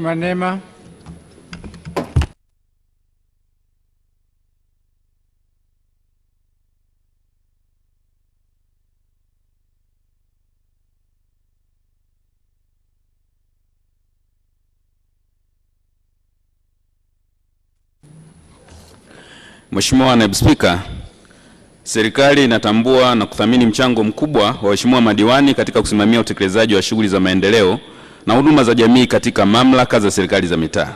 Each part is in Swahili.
Manema. Mheshimiwa Naibu Spika, serikali inatambua na kuthamini mchango mkubwa wa waheshimiwa madiwani katika kusimamia utekelezaji wa shughuli za maendeleo na huduma za jamii katika mamlaka za serikali za mitaa.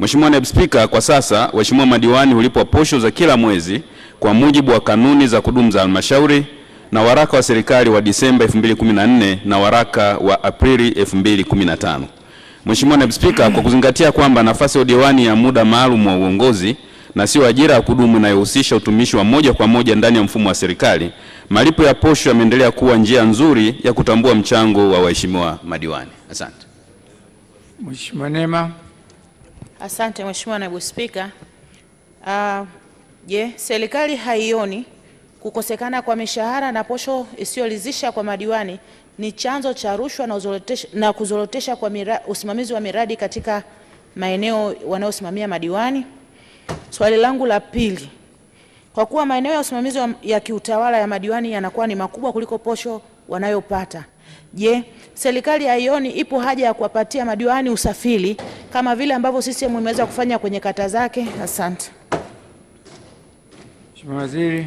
Mheshimiwa Naibu Spika, kwa sasa waheshimiwa madiwani hulipwa posho za kila mwezi kwa mujibu wa kanuni za kudumu za halmashauri na waraka wa serikali wa Disemba 2014 na waraka wa Aprili 2015. Mheshimiwa Naibu Spika, kwa kuzingatia kwamba nafasi ya udiwani ya muda maalum wa uongozi na sio ajira ya kudumu inayohusisha utumishi wa moja kwa moja ndani ya mfumo wa serikali, malipo ya posho yameendelea kuwa njia nzuri ya kutambua mchango wa waheshimiwa madiwani. Asante. Mheshimiwa Nema. Asante Mheshimiwa Naibu Spika. Uh, je, serikali haioni kukosekana kwa mishahara na posho isiyoridhisha kwa madiwani ni chanzo cha rushwa na, na kuzorotesha kwa mira, usimamizi wa miradi katika maeneo wanayosimamia madiwani? Swali langu la pili, kwa kuwa maeneo ya usimamizi ya kiutawala ya madiwani yanakuwa ni makubwa kuliko posho wanayopata. Je, serikali haioni ipo haja ya kuwapatia madiwani usafiri kama vile ambavyo CCM imeweza kufanya kwenye kata zake? Asante. Mheshimiwa Waziri.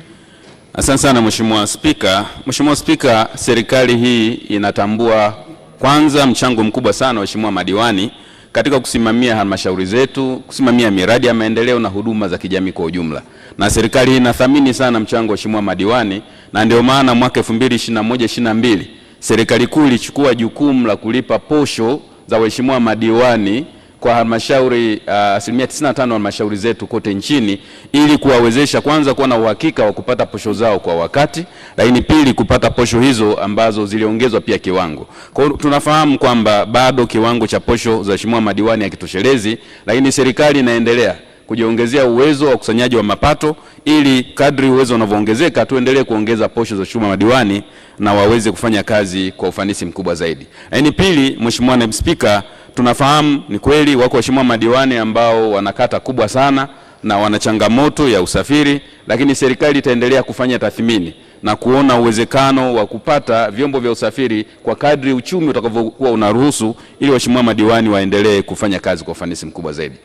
Asante sana Mheshimiwa Spika. Mheshimiwa Spika, serikali hii inatambua kwanza mchango mkubwa sana Mheshimiwa madiwani katika kusimamia halmashauri zetu, kusimamia miradi ya maendeleo na huduma za kijamii kwa ujumla. Na serikali inathamini sana mchango wa Mheshimiwa madiwani, na ndio maana mwaka 2021 22 serikali kuu ilichukua jukumu la kulipa posho za waheshimiwa madiwani kwa halmashauri uh, asilimia uh, 95 halmashauri zetu kote nchini ili kuwawezesha kwanza kuwa na uhakika wa kupata posho zao kwa wakati, lakini pili kupata posho hizo ambazo ziliongezwa pia kiwango. Kwa hiyo tunafahamu kwamba bado kiwango cha posho za waheshimiwa madiwani hakitoshelezi, lakini serikali inaendelea kujiongezea uwezo wa ukusanyaji wa mapato ili kadri uwezo unavyoongezeka tuendelee kuongeza posho za waheshimiwa madiwani na waweze kufanya kazi kwa ufanisi mkubwa zaidi. Lakini pili, Mheshimiwa Naibu Spika tunafahamu ni kweli wako waheshimiwa madiwani ambao wanakata kubwa sana na wana changamoto ya usafiri, lakini serikali itaendelea kufanya tathmini na kuona uwezekano wa kupata vyombo vya usafiri kwa kadri uchumi utakavyokuwa unaruhusu, ili waheshimiwa madiwani waendelee kufanya kazi kwa ufanisi mkubwa zaidi.